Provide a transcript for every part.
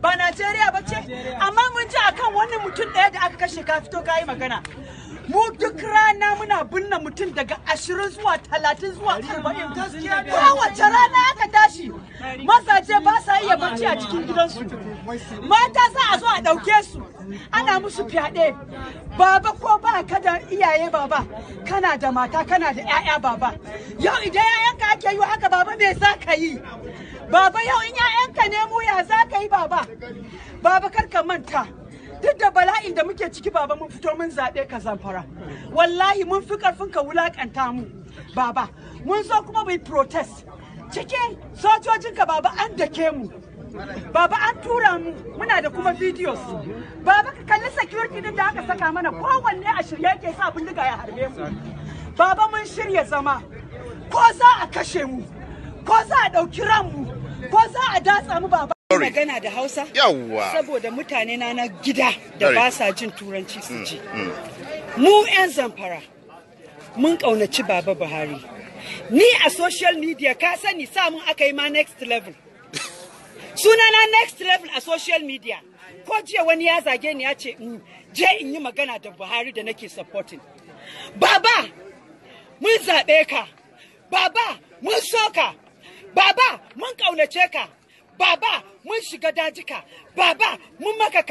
ba Najeriya ba ce amma mun ji akan wani mutum ɗaya da aka kashe ka fito ka yi magana mu duk rana muna binne mutum daga ashirin zuwa talatin zuwa gaskiya. kowace rana aka tashi mazaje ba sa iya barci a cikin gidansu mata za a zo a ɗauke su ana musu fyaɗe baba ko ba ka da iyaye baba kana da mata kana da 'ya'ya baba yau idan 'ya'yanka ake yi haka baba me za ka yi baba yau in 'ya'yanka ne mu ya za baba kar ka manta duk da bala'in da muke ciki baba mun fito mun zaɓe ka zamfara wallahi mun fi karfin ka wulakanta mu baba mun so kuma mu protest cike sojojin ka baba an dake mu baba an tura mu muna da kuma videos baba ka kalli security din da aka saka mana kowanne a shirye yake sa bindiga ya harbe mu baba mun shirya zama ko za a kashe mu ko za a ɗauki ranmu ko za a datsa mu baba sorry magana da hausa yawwa saboda mutane na na gida da ba sa jin turanci su mm, ji mm. mu 'yan zamfara mun ƙaunaci baba buhari ni a social media ka sani mun aka yi ma next level sunana next level a social media ko jiya wani ya zage ni ya ce in mm, je in yi magana da buhari da nake supporting baba mun zaɓe ka baba mun so ka baba mun ƙaunace ka baba mun shiga dajika baba mun maka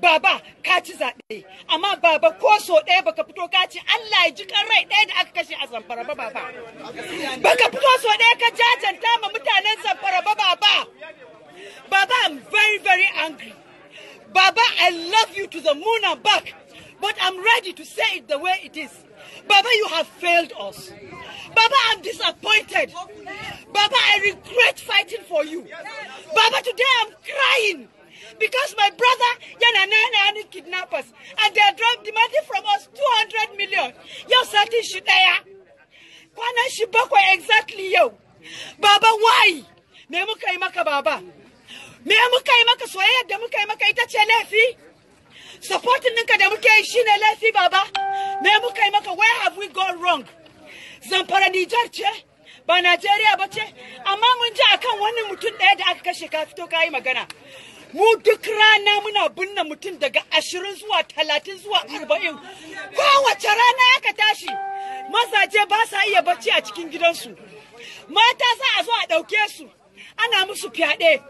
baba ka ci zaɓe amma baba ko so ɗaya baka fito ka ci Allah ya ji kan rai ɗaya da aka kashe a zamfara ba baba baka fito so ɗaya ka jajanta ma mutanen zamfara ba baba baba I'm very very angry baba I love you to the moon and back but I'm ready to say it the way it is baba you have failed us baba I'm disappointed fighting for you. Baba, today I'm crying because my brother Yananana and the kidnappers and they are demanding from us 200 million. You are certain shit there. Kwana shibako exactly yo. Baba, why? Me muka baba. Me muka imaka soyayya da muka Supporting ninka da muke baba. Me muka where have we gone wrong? Zamfara Nijar ba Najeriya ba ce amma mun ji akan wani mutum ɗaya da aka kashe ka fito ka yi magana mu duk rana muna binne mutum daga ashirin zuwa talatin zuwa arba'in kowace rana aka tashi mazaje ba sa iya bacci a cikin gidansu mata za a zo a ɗauke su ana musu fyaɗe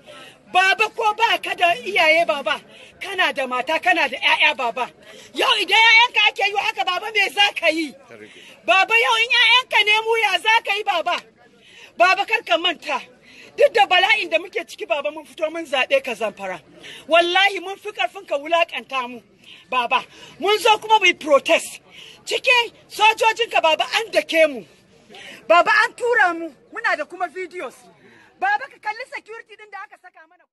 baba ko ba ka da iyaye baba kana da mata kana da 'ya'ya baba yau idan 'ya'yanka ake yi haka baba me za ka yi Baba yau in 'ya'yanka ne mu ya za ka yi baba. Baba kar ka manta. duk da bala'in da muke ciki baba mun fito mun zaɓe ka zamfara wallahi mun fi ƙarfin ka wulaƙanta mu baba mun zo kuma mu yi protest sojojin sojojinka baba an dake mu baba an tura mu muna da kuma videos baba ka kalli security din da aka saka mana